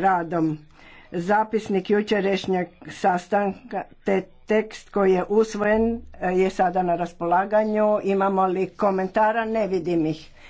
radom. Zapisnik jučerašnjeg sastanka te tekst koji je usvojen eh, je sada na raspolaganju. Imamo li komentara? Ne vidim ih.